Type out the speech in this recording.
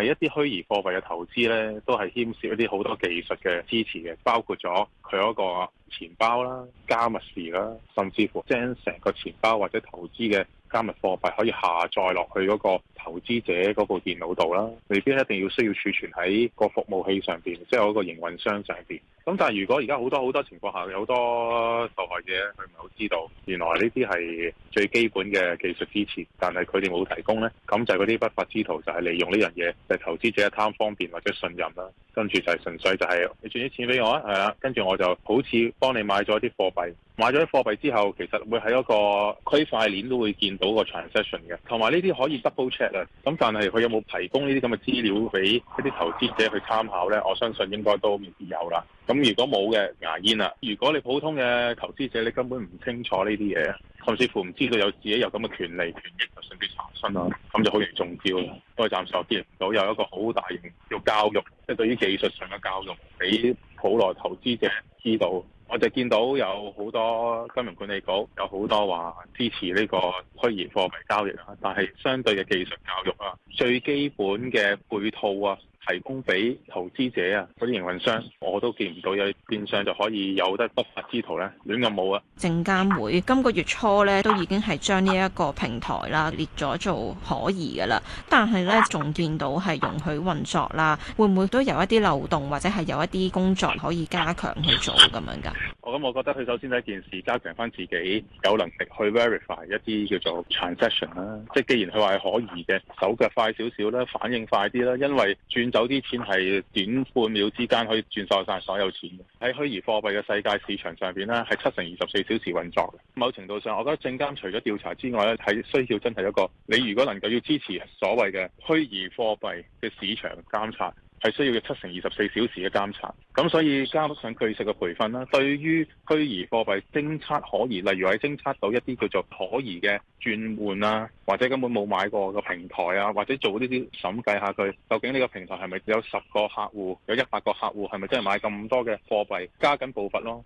係一啲虛擬貨幣嘅投資呢，都係牽涉一啲好多技術嘅支持嘅，包括咗佢嗰個錢包啦、加密匙啦，甚至乎將成個錢包或者投資嘅加密貨幣可以下載落去嗰個投資者嗰部電腦度啦，未必一定要需要儲存喺個服務器上邊，即係嗰個營運商上邊。咁但係如果而家好多好多情況下，有好多受害者佢唔係好知道，原來呢啲係最基本嘅技術支持，但係佢哋冇提供咧，咁就嗰啲不法之徒就係利用呢樣嘢，就係、是、投資者貪方便或者信任啦，跟住就係純粹就係、是、你轉啲錢俾我，啊，係啊，跟住我就好似幫你買咗啲貨幣。買咗啲貨幣之後，其實會喺一個區塊鏈都會見到個 transaction 嘅，同埋呢啲可以 double check 啊。咁但係佢有冇提供呢啲咁嘅資料俾一啲投資者去參考呢？我相信應該都未必有啦。咁如果冇嘅牙煙啊，如果你普通嘅投資者，你根本唔清楚呢啲嘢，甚至乎唔知道有自己有咁嘅權利權益，就順便查詢啊，咁就好容易中招啦。所以暫時我見唔到有一個好大型嘅教育，即係對於技術上嘅教育，俾普羅投資者知道。我就見到有好多金融管理局有好多話支持呢個虛擬貨幣交易，但係相對嘅技術教育啊、最基本嘅配套啊，提供俾投資者啊嗰啲營運商，我都見唔到有變相就可以有得不法之徒咧亂咁冇啊！證監會今個月初咧都已經係將呢一個平台啦列咗做可疑噶啦，但係咧仲見到係容許運作啦，會唔會都有一啲漏洞或者係有一啲工作可以加強去做咁樣噶？我咁、哦嗯，我覺得佢首先第一件事加強翻自己有能力去 verify 一啲叫做 transaction 啦，即係既然佢話係可疑嘅，手腳快少少啦，反應快啲啦，因為轉走啲錢係短半秒之間，可以轉晒晒所有錢。喺虛擬貨幣嘅世界市場上邊呢係七乘二十四小時運作。某程度上，我覺得證監除咗調查之外咧，係需要真係一個，你如果能夠要支持所謂嘅虛擬貨幣嘅市場監察。係需要七乘二十四小時嘅監察，咁所以加上具體嘅培訓啦。對於虛擬貨幣偵測，可疑，例如喺偵測到一啲叫做可疑嘅轉換啊，或者根本冇買過個平台啊，或者做呢啲審計下佢，究竟呢個平台係咪只有十個客戶，有一百個客戶係咪真係買咁多嘅貨幣，加緊步伐咯。